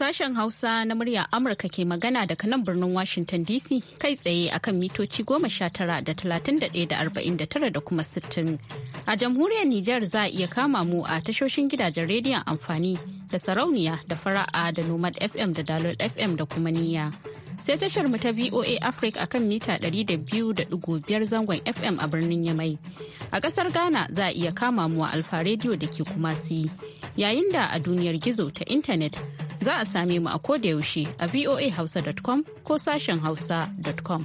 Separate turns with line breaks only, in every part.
Sashen Hausa na murya Amurka ke magana daga nan birnin Washington DC kai tsaye akan mitoci goma sha tara da talatin da ɗaya da arba'in da tara da kuma sittin. A jamhuriyar Nijar za a iya kama mu a tashoshin gidajen rediyon amfani da sarauniya da fara'a da Nomad FM da Dalol FM da kuma niyya. sai tashar mu ta VOA Africa akan mita 200.5 zangon FM a birnin Yamai. A kasar Ghana za a iya kama mu a Alfa Radio da ke kuma si. Yayin da a duniyar gizo ta intanet za a same mu a yaushe a voahausa.com ko sashen hausa.com.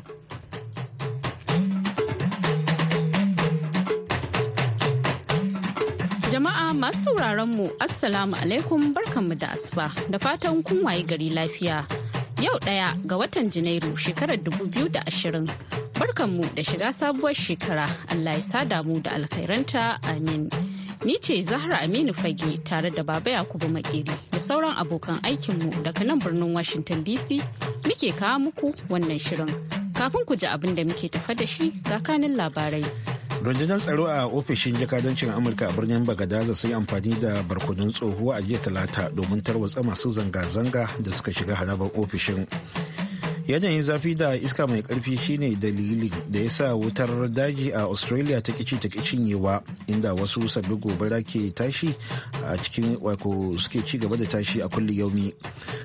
Jama'a masu sauraron mu Assalamu alaikum barkanmu da asuba da fatan kun waye gari lafiya. Yau ɗaya ga watan Janairu shekarar 2020 barkanmu da shiga sabuwar shekara Allah ya sada mu da alkhairanta amin. Ni ce Zahra Aminu Fage tare da Baba Yakubu Makeri da sauran abokan aikinmu daga nan birnin Washington DC muke kawo muku wannan shirin. Kafin ku ji abin da muke tafa da shi ga kanin labarai.
rundunar tsaro a ofishin jakadancin amurka a birnin bagadaza sun yi amfani da barkudin tsohuwa a jiya talata domin tarwatsa masu zanga-zanga da suka shiga harabar ofishin yanayin zafi da iska mai karfi shine dalili da ya sa wutar daji a australia ta kici ta cinyewa inda wasu sabbin gobara ke tashi a cikin wako suke ci gaba da tashi a kulli yaumi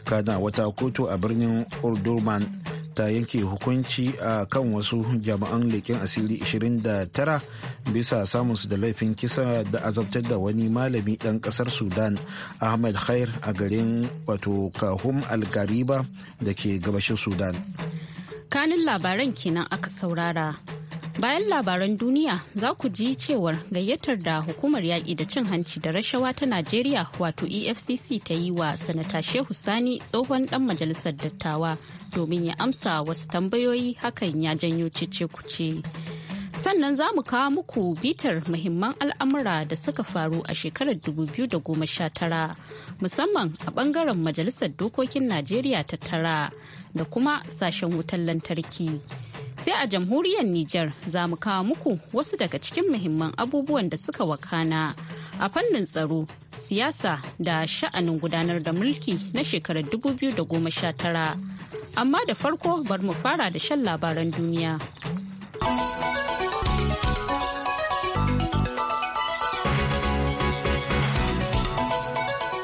kana wata kotu a birnin ordurman ta yanke hukunci a kan wasu jami'an leƙen asiri 29 bisa samun su da laifin kisa da azabtar da wani malami ɗan ƙasar sudan ahmed khair a garin wato kahum algariba da ke gabashin sudan
kanin labaran kenan aka saurara Bayan labaran duniya za ku ji cewar gayyatar da hukumar yaƙi da cin hanci da rashawa ta Najeriya wato EFCC ta yi wa Sanata Shehu Sani tsohon ɗan majalisar dattawa domin ya amsa wasu tambayoyi hakan ya janyo cece kuce. sannan za mu kawo muku bitar muhimman al'amura da suka faru a shekarar 2019 musamman a bangaren majalisar dokokin najeriya ta tara da kuma sashen wutar lantarki sai a jamhuriyar niger za mu kawo muku wasu daga cikin muhimman abubuwan da suka wakana a fannin tsaro siyasa da sha'anin gudanar da mulki na shekarar 2019 amma da farko bar mu fara da shan labaran duniya.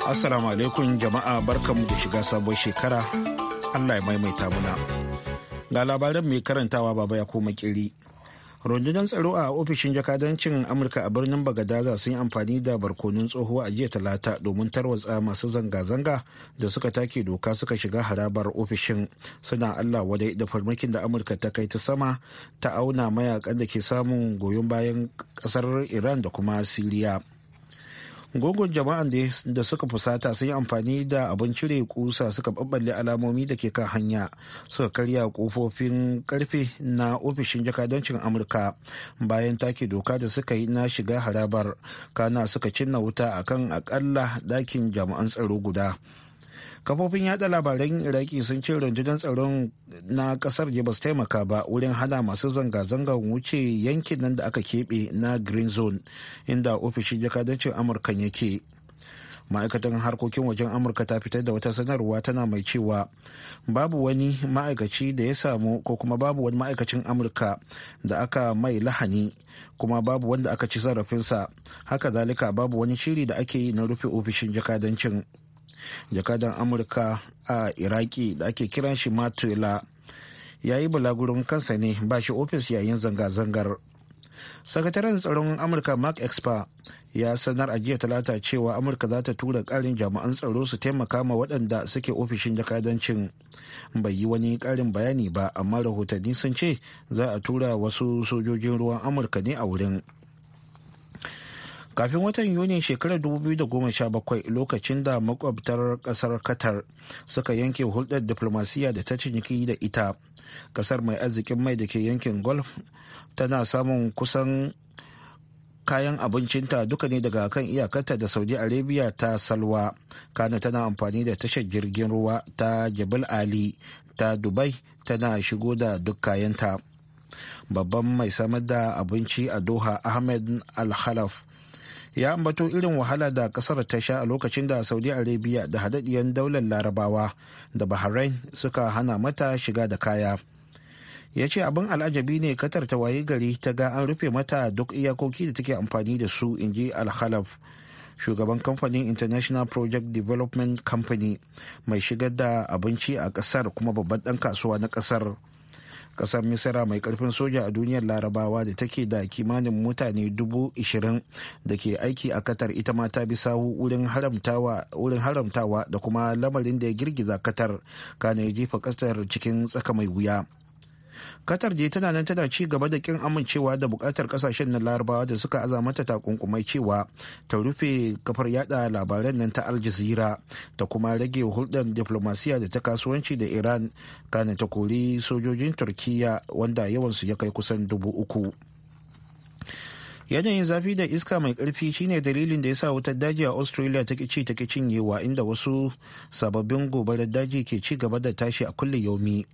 Assalamu alaikum jama'a barkanmu da shiga sabon shekara Allah ya maimaita muna. Ga labaran mai karantawa baba ya koma kiri. Rundunar tsaro a ofishin jakadancin Amurka a birnin Bagadaza sun yi amfani da barkonun tsoho a jiya talata domin tarwatsa masu zanga-zanga da suka take doka suka shiga harabar ofishin suna Allah wadai da farmakin da Amurka ta kai ta sama ta auna mayakan da ke samun goyon bayan kasar Iran da kuma Siriya. gogon jama'an da suka fusata sun yi amfani da abin cire kusa suka baballe alamomi da ke kan hanya suka karya kofofin karfe na ofishin jakadancin amurka bayan take doka da suka yi na shiga harabar kana suka cinna wuta akan akalla dakin jama'an tsaro guda kafofin yada labaran iraki sun ce rundunar tsaron na kasar ne ba su taimaka ba wurin hana masu zanga-zangar wuce yankin nan da aka keɓe na green zone inda ofishin jakadancin amurka yake ma'aikatan harkokin wajen amurka ta fitar da wata sanarwa tana mai cewa babu wani ma'aikaci da ya samu ko kuma babu wani ma'aikacin amurka da aka mai lahani kuma babu wanda aka ci zarafinsa haka zalika babu wani shiri da ake yi na rufe ofishin jakadancin jakadan amurka a iraki da ake kiran shi matula ya yi bulagurin kansa ne ba shi ofis yayin zanga-zangar sakataren tsaron amurka mark expa ya sanar a jiya talata cewa amurka za ta tura karin jami'an tsaro su taimaka ma waɗanda suke ofishin jakadancin bai yi wani karin bayani ba amma rahotanni sun ce za a tura wasu sojojin ruwan amurka ne a wurin kafin watan yuni shekarar 2017 lokacin da makwabtar kasar qatar suka yanke hulɗar diflomasiyya da ta ciniki da ita kasar mai arzikin mai da ke yankin golf tana samun kusan kayan abincinta duka ne daga kan iyakarta da saudi arabia ta salwa kana tana amfani da tashar jirgin ruwa ta jabal ali ta dubai tana shigo da duk kayanta babban mai samar da abinci a doha ahmed al-khalaf ya ambato irin wahala da kasar ta sha a lokacin da saudi arabia da hadaddiyar daular larabawa da bahrain suka hana mata shiga da kaya ya ce abin al'ajabi ne katar ta waye gari ta ga an rufe mata duk iyakoki da take amfani da su inji alhalaf shugaban kamfanin international project development company mai shigar da abinci a kasar kuma babban dan kasuwa na kasar kasar misira mai karfin soja a duniyar larabawa da take da kimanin mutane dubu ishirin da ke aiki a katar ita ma ta bi sawu wurin haramtawa da kuma lamarin da ya girgiza katar kana ya jefa kasar cikin tsaka mai wuya Katar je tana nan tana ci gaba da kin amincewa da bukatar kasashen na larabawa da suka aza mata takunkumai cewa ta rufe kafar yada labaran nan ta Al Jazeera ta kuma rage hulɗar diplomasiya da ta kasuwanci da Iran kana ta kori sojojin Turkiyya wanda yawansu ya kai kusan dubu uku. yanayin zafi da iska mai karfi shine dalilin da ya sa wutar daji a australia ta kici ta cinyewa inda wasu sababbin gobarar daji ke ci gaba da tashi a kulle yaumi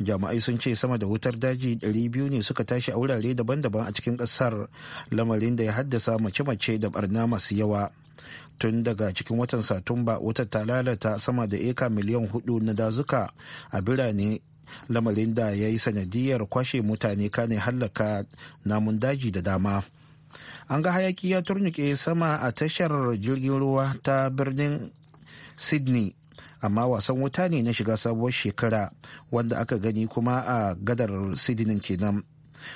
jama'ai sun ce sama da wutar daji 200 ne suka tashi a wurare daban-daban a cikin kasar lamarin da ya haddasa mace-mace da barna masu yawa tun daga cikin watan satumba wutar ta lalata sama da eka miliyan hudu na dazuka a birane lamarin da ya yi sanadiyar kwashe mutane kane hallaka namun daji da dama an ga hayaki ya turnuke sama a tashar jirgin ruwa ta birnin sydney amma wasan wuta ne na shiga sabuwar shekara wanda aka gani kuma a gadar sydney kenan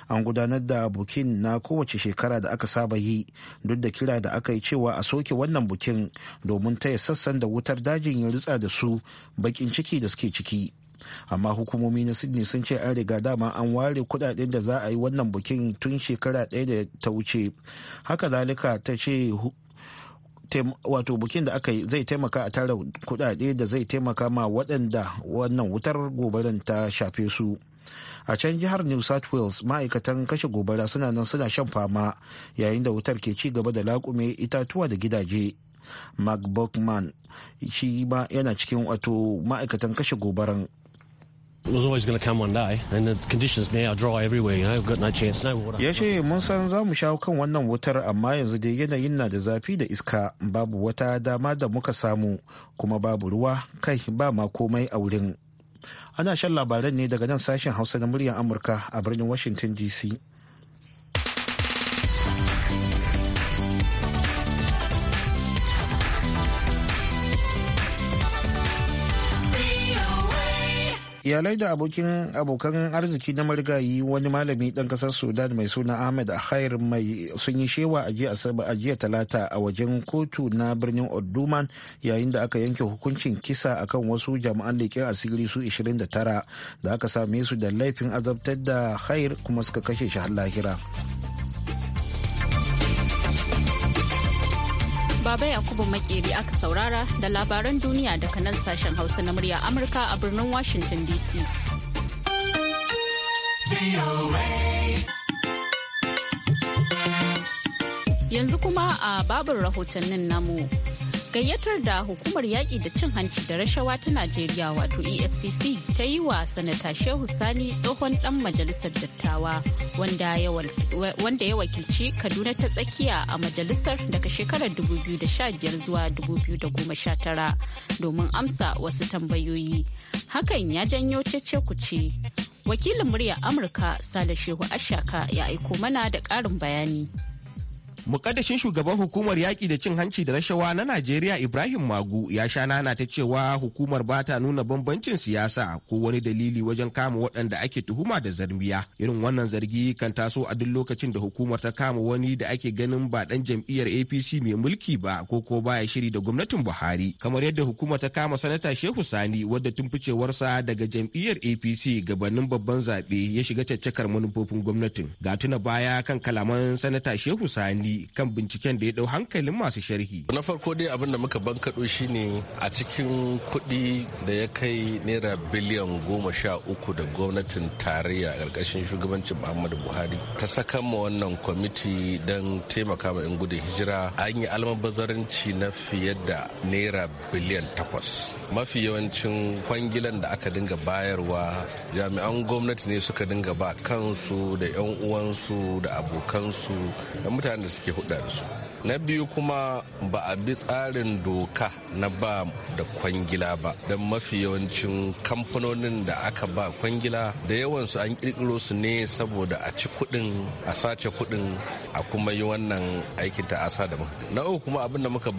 an gudanar da bukin na kowace shekara da aka saba yi duk da kira da aka yi cewa a soke wannan bukin domin taya sassan da wutar dajin ya ritsa da su bakin ciki da suke ciki amma hukumomi na sydney sun ce an riga dama an ware kudaden da za a yi wannan bukin tun shekara ɗaya da ta wuce haka zalika ta ce wato bukin da aka yi zai taimaka a tara kudade da zai taimaka ma waɗanda wannan wutar gobaran ta shafe su a can jihar new south wales ma'aikatan kashe gobara suna nan suna shan fama yayin da wutar ke ci gaba da laƙume itatuwa da gidaje mark buckman shi ma yana cikin wato ma'aikatan kashe gobaran Ya ce mun san za mu shawo kan wannan wutar amma yanzu dai yanayin na da zafi da iska babu wata dama da muka samu kuma babu ruwa kai ba ma komai a wurin. Ana shan labaran ne daga nan sashen Hausa na muryar Amurka a birnin Washington DC. iyalai da abokin abokan arziki na marigayi wani malami ɗan ƙasar sudan mai suna ahmed khair mai sun yi shewa a jiya talata a wajen kotu na birnin odduman yayin da aka yanke hukuncin kisa akan wasu jami'an leƙen asiri su 29 da aka same su da laifin azabtar da khair kuma suka kashe shi har lahira.
Baba Yakubu Makeri aka saurara da labaran duniya daga nan sashen Hausa na murya Amurka a birnin Washington DC. Yanzu kuma a babin rahotannin namu. gayyatar da hukumar yaƙi da cin hanci da rashawa ta najeriya wato efcc ta yi wa sanata shehu sani tsohon ɗan majalisar dattawa wanda ya wakilci kaduna ta tsakiya a majalisar daga shekarar 2015 zuwa 2019 domin amsa wasu tambayoyi hakan ya janyo cece ce, wakilin muryar amurka sale shehu ashaka ya aiko mana da ƙarin bayani
Mukaddashin shugaban hukumar yaƙi da cin hanci da rashawa na Najeriya Ibrahim Magu ya sha nana ta cewa hukumar ba ta nuna bambancin siyasa ko wani dalili wajen kama waɗanda ake tuhuma da zarmiya. Irin wannan zargi kan taso a duk lokacin da hukumar ta kama wani da ake ganin ba ɗan jam'iyyar APC mai mulki ba ko ko baya shiri da gwamnatin Buhari. Kamar yadda hukumar ta kama sanata Shehu Sani wadda tun ficewarsa daga jam'iyyar APC gabanin babban zaɓe ya shiga caccakar manufofin gwamnatin. Ga tuna baya kan kalaman sanata Shehu Sani kan binciken da ya dau hankalin masu sharhi.
Na farko dai abin da muka bankaɗo ne a cikin kuɗi da ya kai naira biliyan goma sha uku da gwamnatin tarayya a ƙarƙashin shugabancin Muhammadu Buhari ta saka ma wannan kwamiti don taimaka ma 'yan gudun hijira an yi almabazarinci na fiye da naira biliyan takwas. Mafi yawancin kwangilan da aka dinga bayarwa jami'an gwamnati ne suka dinga ba kansu da 'yan uwansu da abokansu da mutanen da suke que huda na biyu kuma ba a bi tsarin doka na ba da kwangila ba don mafi yawancin kamfanonin da aka ba kwangila da yawansu an kirkiro su ne saboda a ci kuɗin a sace kuɗin a kuma yi wannan aikin ta'asa da na uku kuma abin da muka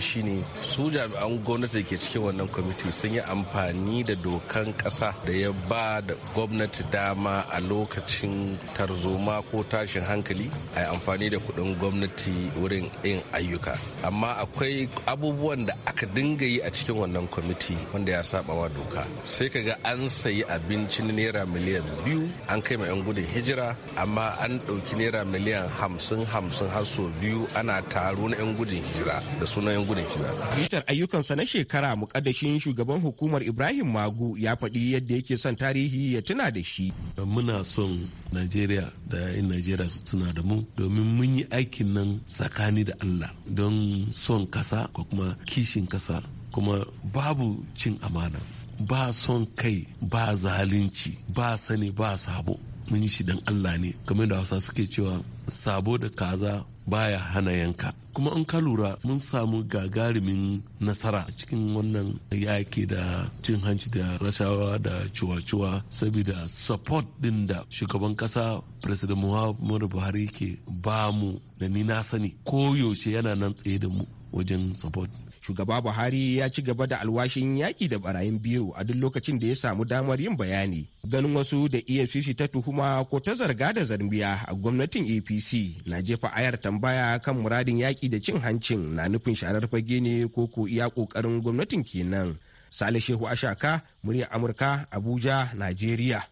shi ne su jami'an gwamnati ke cikin wannan kwamiti sun yi amfani da dokan ƙasa da ya ba da gwamnati dama a lokacin tarzoma ko tashin hankali a amfani da kuɗin gwamnati wurin yin ayyuka amma akwai abubuwan da aka dinga yi a cikin wannan kwamiti wanda ya saba wa doka sai ka ga an sayi abincin naira miliyan biyu an kai ma 'yan gudun hijira amma an ɗauki naira miliyan hamsin hamsin har so biyu ana taro na 'yan gudun hijira da sunan 'yan gudun hijira.
bitar ayyukansa na shekara mukaddashin shugaban hukumar ibrahim magu ya faɗi yadda yake son tarihi ya tuna da shi. muna son najeriya
da 'yan najeriya su tuna da mu domin mun yi aikin nan tsakanin tsakani da Allah don son kasa ko kuma kishin kasa kuma babu cin amana ba son kai ba zalunci ba sani ba sabo mun yi shi don Allah ne kamar da hausa suke cewa sabo da kaza baya hana yanka kuma in ka lura mun samu gagarumin nasara cikin wannan yaki da cin hanci da rashawa da cuwa-cuwa saboda support din da shugaban kasa president muhammadu buhari ke ba mu da ni na sani koyaushe yana nan tsaye da mu wajen support shugaba buhari ya ci gaba da alwashin yaƙi da barayin biyu
a duk lokacin da ya samu damar yin bayani ganin wasu da efcc ta tuhuma ko ta zarga da zarbiya a gwamnatin apc na jefa ayar tambaya kan muradin yaƙi da cin hancin na nufin sharar fage ne ko ko iya ƙoƙarin gwamnatin kenan sale shehu ashaka murya amurka abuja najeriya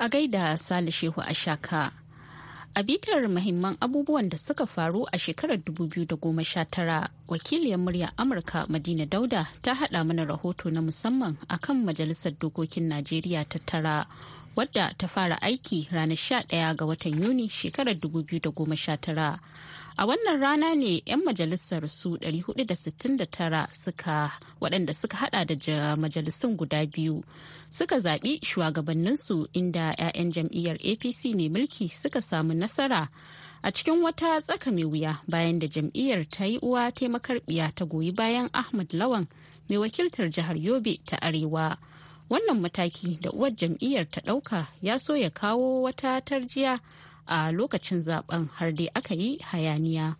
a gaida sale shehu ashaka a bitar mahimman abubuwan da suka faru a shekarar 2019 wakiliyar muryar amurka madina dauda ta haɗa mana rahoto na musamman akan majalisar dokokin najeriya ta tara wadda ta fara aiki ranar 11 ga watan Yuni shekarar 2019. A wannan rana ne 'yan majalisar su 469 suka waɗanda suka hada da majalisun guda biyu suka zaɓi shugabanninsu inda 'ya'yan jam'iyyar APC mai mulki suka samu nasara a cikin wata tsaka mai wuya bayan da jam'iyyar ta yi uwa biya ta goyi bayan Ahmad Lawan mai wakiltar jihar Yobe ta Arewa. wannan mataki da uwar jam'iyyar ta ɗauka ya so ya kawo wata tarjiya a lokacin zaben har dai aka yi hayaniya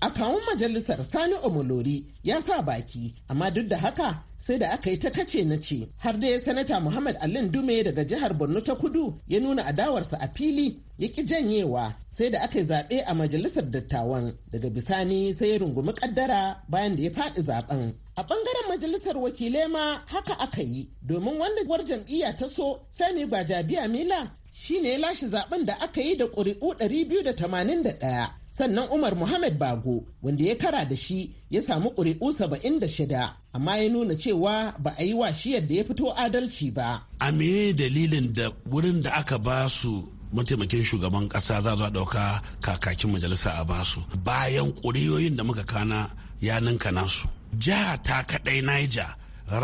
a kawun majalisar
sani omolori ya sa baki amma duk da haka sai da aka yi ta kace na ce har dai sanata muhammad alin dume daga jihar borno ta kudu ya nuna adawarsa a fili ya ki janyewa sai da aka yi zaɓe a majalisar dattawan daga bisani sai ya rungumi kaddara bayan da ya faɗi zaben a ɓangaren majalisar wakilai ma haka aka yi domin wanda war jam'iyya ta so femi gwajabiya mila shine ya lashe zaben da aka yi da ƙuri'u ɗaya. sannan umar muhammad bago wanda ya kara da shi ya samu ƙuri'u saba'in da shida amma ya nuna cewa ba a yi wa shi yadda ya fito adalci ba
a me dalilin da wurin da aka ba su mataimakin shugaban kasa za a ɗauka kakakin majalisa a basu bayan ƙuri'oyin da muka kana ya ninka nasu jiha ta kaɗai niger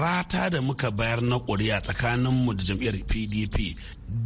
rata da muka bayar na ƙuri'a tsakaninmu da jam'iyyar pdp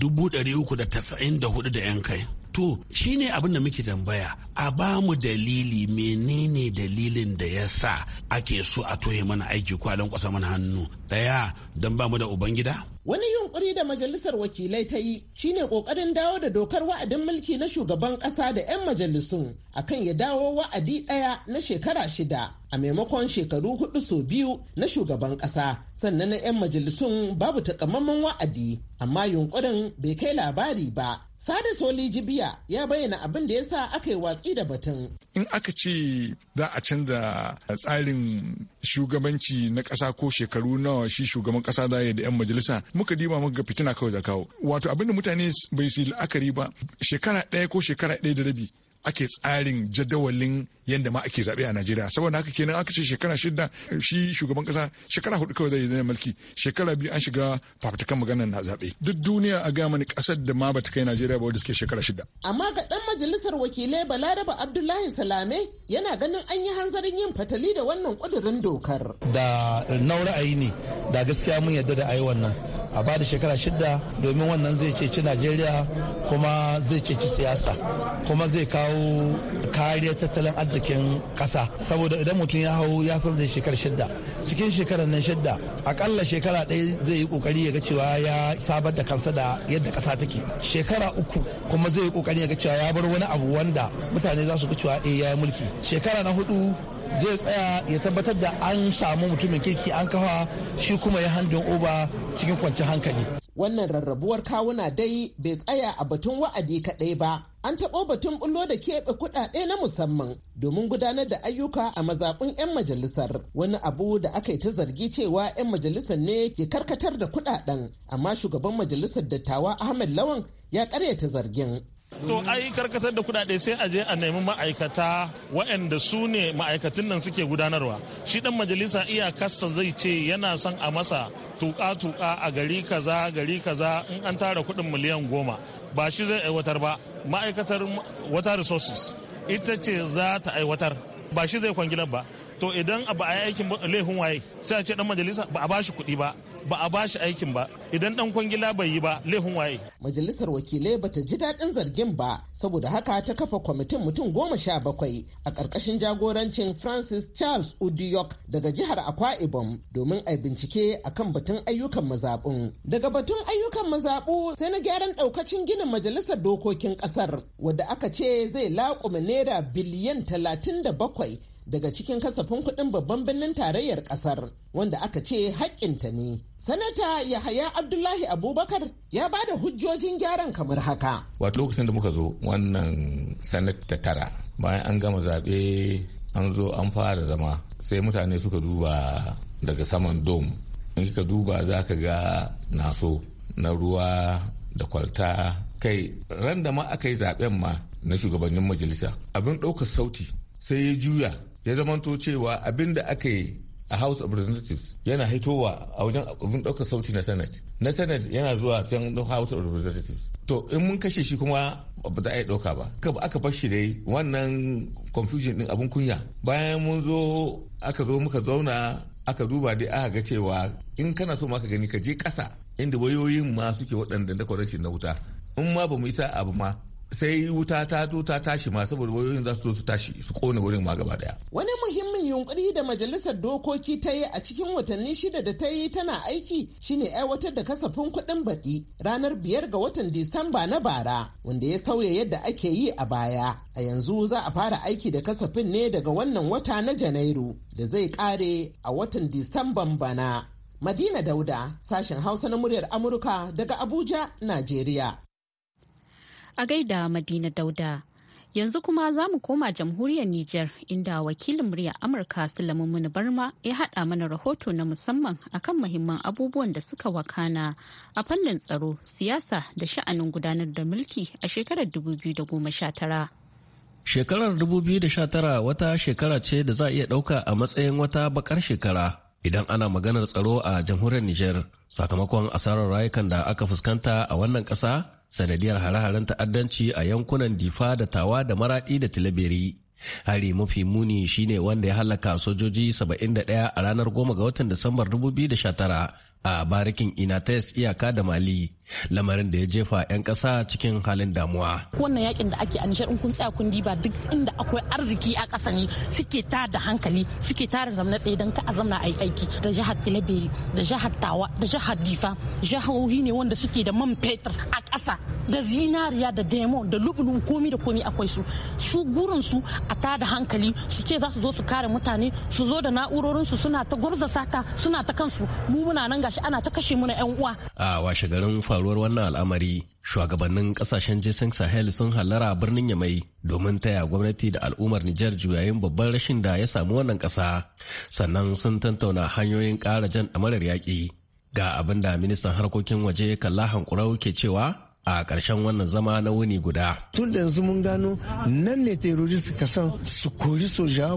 394 da 'yan kai to shi ne abin da muke tambaya a ba mu dalili menene dalilin da ya sa ake so a toye mana aiki kwalon kwasa mana hannu daya don ba mu da ubangida
Wani yunkuri da majalisar wakilai ta yi shine kokarin dawo da dokar wa'adin mulki na shugaban kasa da 'yan majalisun akan ya dawo wa'adi ɗaya na shekara shida a maimakon shekaru hudu sau biyu na shugaban kasa sannan na 'yan majalisun babu takamaman wa'adi amma yunkurin bai kai labari ba. Sada Soli Jibiya ya bayyana abin da ya sa aka yi watsi da batun.
In aka ce za a canza tsarin shugabanci na ƙasa ko shekaru nawa shi shugaban ƙasa za ya da 'yan majalisa muka diba muka ga fitina kawai za kawo wato abinda mutane bai su yi la'akari ba shekara ɗaya ko shekara ɗaya da rabi ake tsarin jadawalin yadda ma ake zaɓe a Najeriya saboda haka kenan aka ce shekara shida shi shugaban kasa shekara hudu kawai zai zai mulki shekara biyu an shiga fafutukan maganar na zaɓe duk duniya a gaya mani ƙasar da ma bata kai Najeriya ba wanda suke shekara
shida.
Amma ga ɗan majalisar wakilai Balaraba Abdullahi Salame yana ganin an yi hanzarin yin fatali da wannan kudurin dokar.
Da nau ra'ayi ne da gaskiya mun yarda
da ayi wannan a bada shekara shida domin wannan zai ceci najeriya kuma zai ceci siyasa kuma zai kawo kariyar tattalin arzikin kasa saboda idan mutum ya hau ya san zai shekara shida cikin shekarar nan shida akalla shekara ɗaya zai yi kokari ya ga cewa ya sabar da kansa da yadda kasa take shekara uku kuma zai yi kokari ya ga cewa ya bar wani abu wanda mutane za su ga cewa eh ya yi mulki shekara na hudu zai tsaya ya tabbatar da an samu mutumin kirki an kafa shi kuma ya handin uba
cikin kwanci hankali
wannan rarrabuwar kawuna dai bai tsaya a batun wa'adi kaɗai ba an taɓo batun bullo da keɓe kuɗaɗe na musamman domin gudanar da ayyuka a mazaɓin 'yan majalisar wani abu da aka yi ta zargi cewa 'yan majalisar ne ke karkatar da kuɗaɗen amma shugaban majalisar dattawa ahmed lawan ya ƙaryata zargin
To ai karkatar da kudade sai a je a nemi ma'aikata waɗanda su ne ma'aikatan
nan suke gudanarwa. Shi dan majalisa iyakarsa zai ce yana son a masa tuka-tuka a gari kaza gari kaza in an tara kuɗin miliyan goma ba shi zai aiwatar ba
ma'aikatar water resources ita ce za ta aiwatar ba shi zai kwangilar ba to idan ba a yi aikin laifin waye sai a ce dan majalisa ba a ba shi kuɗi ba ba a
bashi aikin ba idan dan kwangila bai yi ba laifin waye majalisar wakilai bata ji daɗin
zargin ba saboda haka ta kafa kwamitin mutum goma sha bakwai a ƙarƙashin jagorancin francis charles udiok daga jihar akwa ibom domin a bincike akan batun ayyukan mazaɓun daga batun ayyukan mazaɓu sai na gyaran ɗaukacin ginin majalisar dokokin ƙasar wadda aka ce zai laƙume naira biliyan talatin da bakwai daga cikin kasafin kuɗin babban birnin tarayyar ƙasar wanda aka ce haƙƙinta ne. Sanata Yahaya Abdullahi Abubakar ya ba da hujjojin gyaran kamar haka.
Wato lokacin da muka zo wannan sanata tara bayan an gama zaɓe an zo an fara zama sai mutane suka duba daga saman dom. In ka duba za ka ga naso na ruwa da kwalta kai ran da ma aka yi zaɓen ma na shugabannin majalisa abin ɗaukar sauti sai ya juya ya zamanto cewa abin da aka yi a house of representatives yana haitowa a wajen abin ɗaukar sauti na senate na senate yana zuwa can house of representatives to in mun kashe shi kuma ba za a yi ɗauka ba ka aka bar shi dai wannan confusion din abin kunya bayan mun zo aka zo muka zauna aka duba dai aka ga cewa in kana so maka ka gani ka je ƙasa inda wayoyin ma suke waɗanda na na wuta in ma ba mu yi sa'a ba ma sai wuta ta zo ta tashi ma saboda wayoyin za su zo su tashi su kone wurin ma gaba daya.
Wani muhimmin yunkuri da majalisar dokoki ta yi a cikin watanni shida da ta yi tana aiki shine aiwatar da kasafin kuɗin baki ranar biyar ga watan Disamba na bara wanda ya sauya yadda ake yi a baya. A yanzu za a fara aiki da kasafin ne daga wannan wata na Janairu da zai kare a watan Disamban bana. Madina Dauda, sashen Hausa na muryar Amurka daga Abuja, Najeriya.
A gaida Madina Dauda. Yanzu kuma za mu koma jamhuriyar Nijar inda wakilin muryar Amurka muni Barma ya haɗa mana rahoto na musamman akan mahimman abubuwan da suka wakana a fannin tsaro, siyasa da sha'anin gudanar da mulki a shekarar 2019.
Shekarar 2019 wata shekara ce da za a iya ɗauka a matsayin wata bakar shekara idan ana maganar tsaro a jamhuriyar Nijar sakamakon asarar rayukan da aka fuskanta a wannan ƙasa sanadiyar hare-haren ta'addanci a yankunan Difa da Tawa da Maradi da Tilaberi. Hari mafi muni shine wanda ya halaka sojoji 71 a ranar 10 ga watan Disambar 2019 a barikin Inates iyaka da Mali. lamarin da ya jefa 'yan ƙasa cikin halin damuwa.
Wannan yakin da ake a in kun tsaya kun diba duk inda akwai arziki a ƙasa ne suke ta da hankali suke tara zamna tsaye don ka a zamna a yi aiki da jihar Tilaberi da jihar Tawa da jihar Difa jihohi ne wanda suke da man fetur a ƙasa da zinariya da demo da lubulu komi da komi akwai su su gurin su a ta da hankali su ce za su zo su kare mutane su zo da na'urorin su suna ta gwabza saka suna ta kansu mu muna nan gashi ana ta kashe muna 'yan uwa.
A washe garin faru faruwar wannan al'amari shugabannin kasashen jisan sahel sun hallara birnin yamai domin taya gwamnati da al'ummar nijar juyayin babban rashin da ya samu wannan kasa sannan sun tantauna hanyoyin kara jan damarar yaƙi ga abinda da ministan harkokin waje kalla hankurau ke cewa a ƙarshen wannan zama na wuni guda.
Tun da yanzu mun gano nan ne terrorist ka san su kori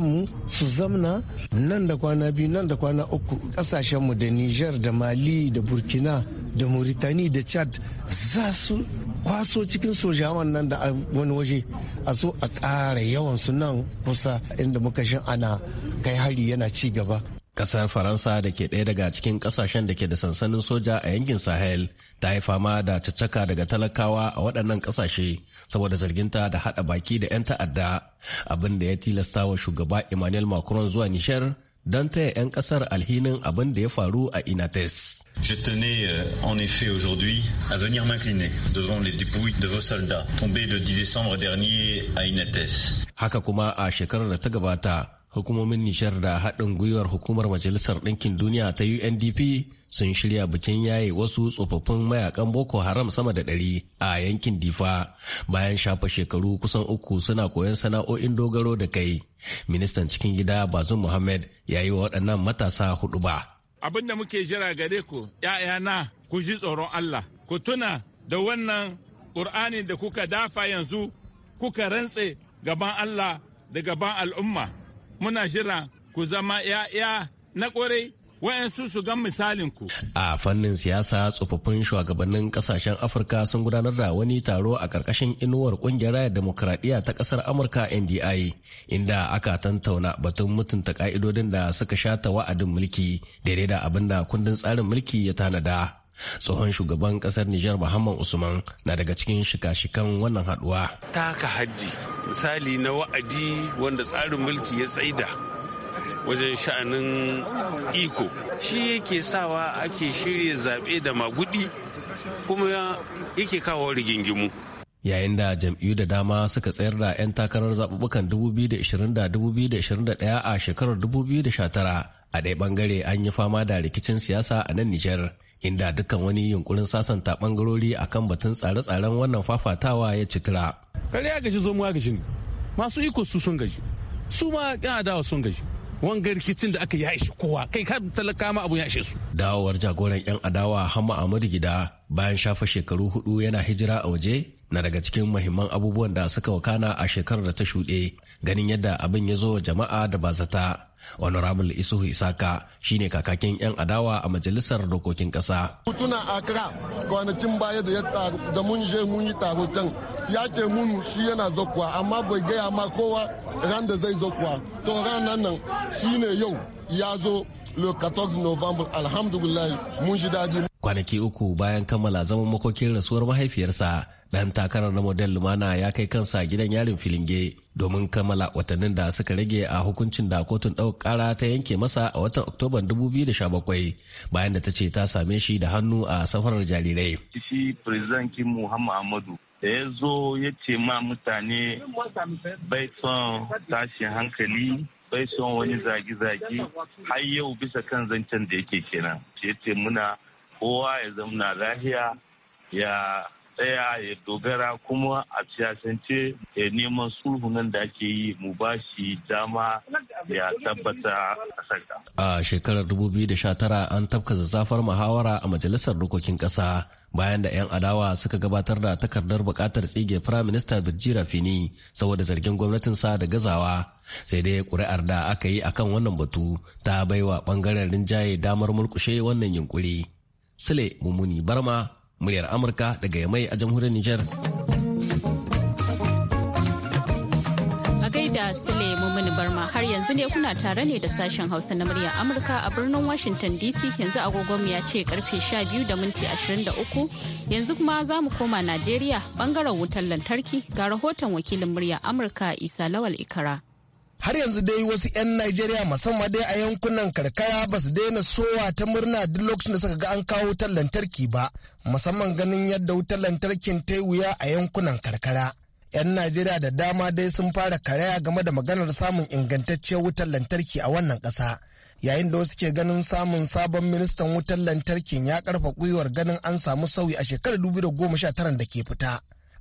mu su zamna nan da kwana biyu nan da kwana uku ƙasashenmu da Nijar da Mali da Burkina da Mauritani da Chad za su kwaso cikin sojawan nan da wani waje a so a ƙara yawan su nan kusa inda muka shin ana kai hari yana ci gaba.
Ƙasar Faransa da ke ɗaya daga cikin ƙasashen da ke da sansanin soja a yankin Sahel ta yi fama da caccaka daga talakawa a waɗannan ƙasashe saboda zarginta da haɗa baki da 'yan ta'adda abin da ya tilasta wa shugaba Emmanuel Macron zuwa Nishar don taya 'yan ƙasar alhinin abin da ya faru a Inates.
Je tenais euh, en effet aujourd'hui à venir m'incliner devant les dépouilles de vos soldats tombés le 10 décembre dernier à Inates.
Haka kuma a shekarar da ta gabata hukumomin nishar da haɗin gwiwar hukumar majalisar ɗinkin duniya ta undp sun shirya bikin yaye wasu tsofaffin mayakan boko haram sama da ɗari a yankin difa bayan shafa shekaru kusan uku suna koyon sana'o'in dogaro da kai ministan cikin gida bazum muhammad ya yi wa waɗannan matasa hudu ba
abin da muke jira gare ku ‘ya'yana ku ji tsoron allah ku tuna da wannan ƙur'ani da kuka dafa yanzu kuka rantse gaban allah da gaban al'umma muna shira ku zama 'ya'ya na kwarai wayansu su gan misalin ku.
A fannin siyasa tsofaffin shugabannin kasashen Afirka sun gudanar da wani taro a ƙarƙashin inuwar ƙungiyar rayar demokuraɗiyya ta ƙasar Amurka NDI inda aka tantauna batun mutunta ƙa'idodin da suka shata wa'adin mulki daidai da abin da kundin tsarin mulki ya tanada. tsohon shugaban kasar Nijar Muhammad Usman na daga cikin shika-shikan wannan haduwa.
Taka hajji misali na wa'adi wanda tsarin mulki ya tsaida wajen sha'anin iko shi yake sawa ake shirya zaɓe da magudi kuma yake kawo rigingimu.
yayin da jam'iyyu da dama suka tsayar da 'yan takarar zaɓuɓɓukan 2020-2021 a shekarar 2019 a ɗaya ɓangare an yi fama da rikicin siyasa a nan nijar inda dukkan wani yunkurin sasanta bangarori kan batun tsare-tsaren wannan fafatawa ya citira.
Kare ya gaji zo mu gaji ne. Masu iko su sun gaji. Su ma yan adawa sun gaji. wangar rikicin da aka yashe kowa kai ka talaka ma abu yashe su.
Dawowar jagoran 'yan adawa Hamma Ahmadu Gida bayan shafa shekaru hudu yana hijira a waje na daga cikin muhimman abubuwan da suka wakana a shekarar da ta shuɗe ganin yadda abin ya zo jama'a da bazata. honorable isuhu isaka shine kakakin 'yan adawa a majalisar dokokin kasa
tuna akra kwanakin baya da ya da mun je mun yi taro can ya ke munu shi yana zakuwa amma bai gaya ma kowa ran da zai zakuwa to ranar nan shine yau ya zo le 14 novembre alhamdulillah mun shi dadi
kwanaki uku bayan kammala zaman makokin rasuwar mahaifiyarsa dan takarar na model lumana ya kai kansa gidan yarin filinge domin kammala watannin da suka rage a hukuncin da kotun ɗaukar ƙara ta yanke masa a watan oktoban 2017 bayan da ta ce ta same shi da hannu a safarar jarirai
shi president kim muhammadu da ya zo ya ce ma mutane bai son tashin hankali bai son wani zage-zage har yau bisa kan zancen da yake kenan ya ce muna kowa ya zamna lahiya ya tsaya ya dogara kuma a siyasance ya neman sulhu nan da ake yi mu ba shi dama ya tabbata a saka.
A shekarar 2019 an tafka zazzafar muhawara a majalisar dokokin ƙasa bayan da 'yan adawa suka gabatar da takardar buƙatar tsige Firaminista Minista Birjira Fini saboda zargin gwamnatinsa da gazawa sai dai ƙuri'ar da aka yi akan wannan batu ta baiwa ɓangaren rinjaye damar mulkushe wannan yunkuri. Sule Mumuni Barma muryar amurka daga yamai a jamhuriyar niger
a gaida sule mumini barma har yanzu ne kuna tare ne da sashen hausa na muryar amurka a birnin washington dc yanzu agogon ya ce karfe 12 da minti 23 yanzu kuma za mu koma najeriya bangaren wutar lantarki ga rahoton wakilin muryar amurka isa lawal ikara
har yanzu dai wasu 'yan Najeriya musamman dai a yankunan karkara ba su daina sowa ta murna duk lokacin da suka ga an kawo wutar lantarki ba musamman ganin yadda wutar lantarkin ta wuya a yankunan karkara. 'Yan Najeriya da dama dai sun fara karaya game da maganar samun ingantacciyar wutar lantarki a wannan ƙasa. Yayin da wasu ke ganin samun sabon ministan wutar lantarkin ya karfa gwiwar ganin an samu sauyi a shekarar 2019 da ke fita.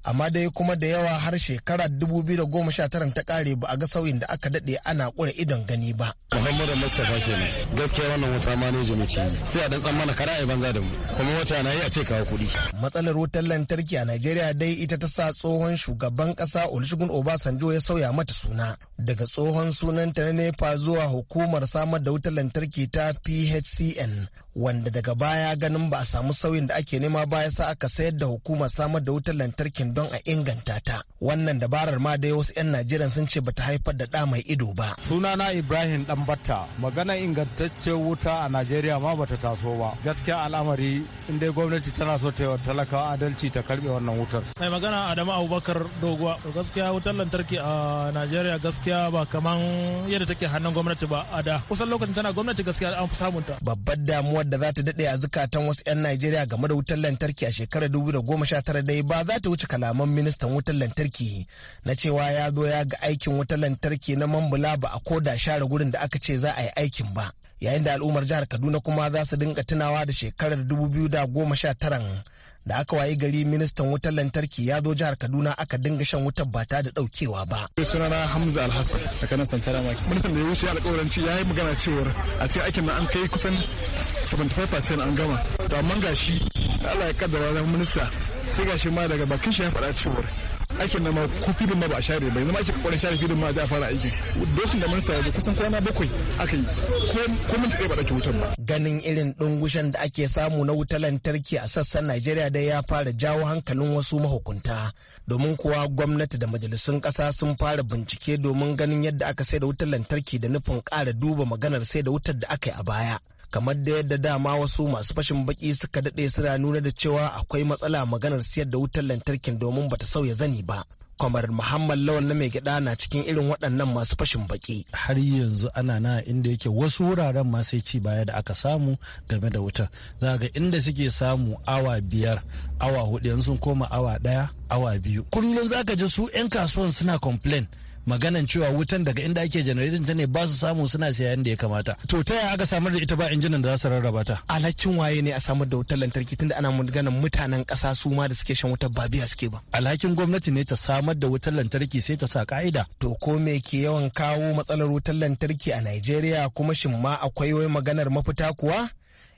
amma dai kuma da yawa har shekara 2019 ta kare ba a ga sauyin da aka dade ana kura idon gani ba.
Muhammadu Mustapha kenan gaskiya wannan wuta ma ne muke sai a dan tsammana kara ya banza da mu kuma wata na yi a ce kawo kuɗi.
Matsalar wutar lantarki a Najeriya dai ita ta sa tsohon shugaban ƙasa Olusegun Obasanjo ya sauya mata suna daga tsohon sunanta na NEPA zuwa hukumar samar da wutar lantarki ta PHCN wanda daga baya ganin ba a samu sauyin da ake nema ba sa aka sayar da hukumar samar da wutar lantarkin don a inganta ta wannan dabarar ma dai wasu 'yan najeriya sun ce bata haifar da da mai ido ba sunana ibrahim
danbata magana ingantaccen wuta a najeriya ma bata taso ba gaskiya al'amari in dai gwamnati tana so ta talaka adalci ta karbe wannan wutar
mai magana adamu abubakar doguwa gaskiya wutar lantarki a najeriya gaskiya ba kaman yadda take hannun gwamnati ba a da kusan lokacin tana gwamnati gaskiya an fi samunta babbar damuwa wadda za ta daɗe a zukatan wasu 'yan Najeriya game da wutar lantarki a shekarar 2019 dai ba za ta wuce kalaman ministan wutar lantarki na cewa ya zo ya ga aikin wutar lantarki na mambula ba a koda share gurin da aka ce za a yi aikin ba. Yayin da al'ummar jihar Kaduna kuma za su dinga tunawa da shekarar 2019 da aka waye gari ministan wutar lantarki ya zo jihar kaduna aka dinga shan wutar ba ta da daukewa ba
sunana hamza alhassan daga nan santara maki ministan da ya wuce alƙawaranci ya yi magana cewar a cikin aikin na an kai kusan 75% an gama to amma gashi Allah ya kaddara minista sai gashi ma daga bakin shi ya faɗa cewar aikin nan ma ko filin ma ba a share bai zama ake kokarin share filin ma za a fara aiki dokin da minista ya kusan kwana bakwai aka yi ko minti ɗaya ba ɗauki wutan ba.
ganin irin ɗungushen da ake samu na wutar lantarki a sassan najeriya dai ya fara jawo hankalin wasu mahukunta domin kuwa gwamnati da majalisun ƙasa sun fara bincike domin ganin yadda aka sai da wutar lantarki da nufin ƙara duba maganar sai da wutar da aka yi a baya. kamar da yadda dama wasu masu fashin baki suka daɗe suna nuna da cewa akwai matsala maganar siyar da wutar lantarkin domin bata sauya zani ba kamar muhammad lawan na mai gida na cikin irin waɗannan masu fashin baki har yanzu ana na inda yake wasu wuraren ma sai ci baya da aka samu game da wutar za ga inda suke samu awa biyar awa hudu yanzu sun koma awa ɗaya awa biyu kullum za ka ji su 'yan kasuwan suna complain maganan cewa wutan daga inda ake janaretin ta ne ba su samu suna siyayen da ya kamata to ta yaya aka samar da ita ba injinan da za su rarraba ta alhakin waye ne a samar da wutar lantarki tunda ana maganan mutanen kasa su ma da suke shan wutar ba biya suke ba alhakin gwamnati ne ta samar da wutar lantarki sai ta sa ka'ida to ko me ke yawan kawo matsalar wutar lantarki a Najeriya kuma shin ma akwai wai maganar mafita kuwa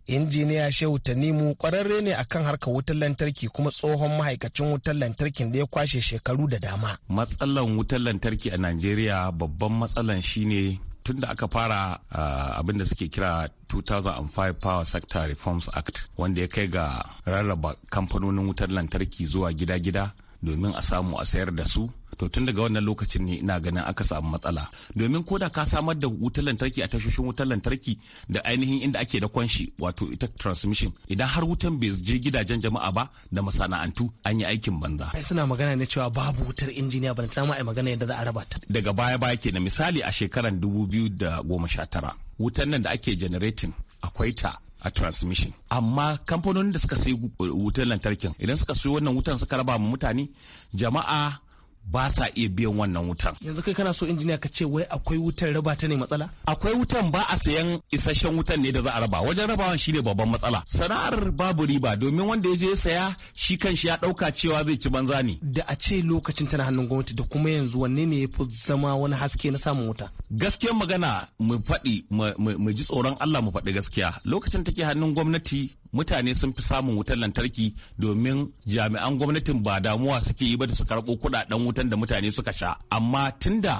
injiniya shehu tanimu kwararre ne akan harkar wutar lantarki kuma tsohon ma'aikacin wutar lantarkin da ya kwashe shekaru da dama
matsalan wutar lantarki a najeriya babban matsalan shine tun da aka fara uh, abin da suke kira 2005 Power Sector Reforms Act wanda ya kai ga rarraba kamfanonin wutar lantarki zuwa gida-gida domin a samu a sayar da su to tun daga wannan lokacin ne ina ganin aka samu matsala domin ko da ka samar da wutar lantarki a tashoshin wutar lantarki da ainihin inda ake da kwanshi wato ita transmission idan har wutan bai je gidajen jama'a ba da masana'antu an yi aikin banza
ai suna magana ne cewa babu wutar injiniya ba ta ma magana yadda za a raba ta
daga baya baya kenan misali a shekaran 2019 wutan nan da ake generating akwai ta a transmission amma kamfanonin da suka sayi wutar lantarkin idan suka sayi wannan wutan suka raba mu mutane jama'a ba sa iya biyan wannan wutan.
Yanzu kai kana so injiniya ka ce wai akwai wutan raba ta ne matsala?
Akwai wutan ba a sayan isasshen wutan ne da za a raba. Wajen rabawan shine babban matsala. Sana'ar babu riba domin wanda ya je ya saya shi kanshi ya ɗauka cewa zai ci banza ne. Da a ce lokacin tana
hannun gwamnati da kuma yanzu wanne ne ya fi zama wani haske na samun wuta?
Gaskiyar magana mu faɗi mu ji tsoron Allah mu faɗi gaskiya. Lokacin take hannun gwamnati mutane sun fi samun wutar lantarki domin jami'an gwamnatin ba damuwa suke yi ba da su karɓo kuɗaɗen wutan da mutane suka sha amma tunda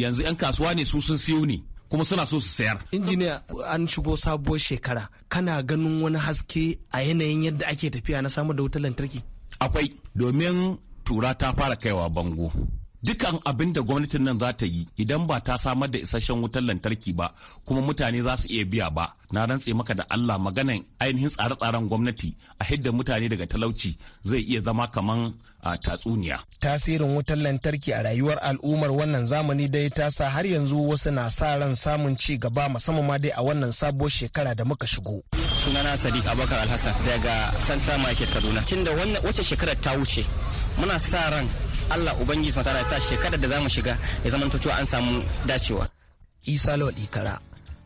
yanzu 'yan kasuwa ne su sun siyo ne kuma suna so su sayar.
injiniya an shigo sabuwar shekara kana ganin wani haske a yanayin
yadda ake tafiya na samar da wutar lantarki akwai domin tura ta fara kaiwa bango dukan abin da gwamnatin nan za ta yi idan ba ta samar da isasshen wutar lantarki ba kuma mutane za su iya biya ba na rantse maka da Allah maganan ainihin tsare-tsaren gwamnati a hidda mutane daga talauci zai iya zama kaman a tatsuniya.
Tasirin wutar lantarki a rayuwar al'ummar wannan zamani dai ta sa har yanzu wasu na sa ran samun ci gaba musamman ma dai a wannan sabuwar shekara da muka shigo.
Sunana Sadiq Abubakar Alhassan daga Central Market Kaduna. Tunda wannan wace shekarar ta wuce muna sa ran Allah ubangiji mata ya sa shekarar da zamu shiga ya zama cewa an samu dacewa
Isa Lawal Ikara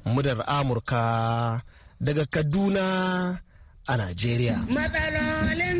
mudar Amurka daga Kaduna a Najeriya
matsalolin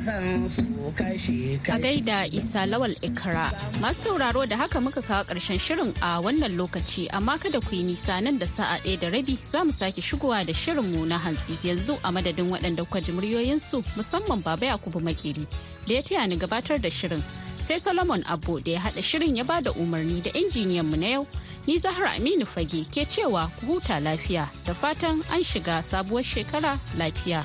A gaida Isa Lawal Ikra. Masu sauraro da haka muka kawo ƙarshen shirin a wannan lokaci amma kada ku yi nisa nan da sa'a ɗaya da rabi za mu sake shigowa da shirinmu na hantsi yanzu a madadin waɗanda kwa ji muryoyinsu musamman Baba ya Yakubu Makeri da ya taya ni gabatar da shirin. Sai Solomon abu da ya haɗa shirin ya bada umarni da injiniyan mu na yau. Ni zahar Aminu Fage ke cewa ku huta lafiya da fatan an shiga sabuwar shekara lafiya.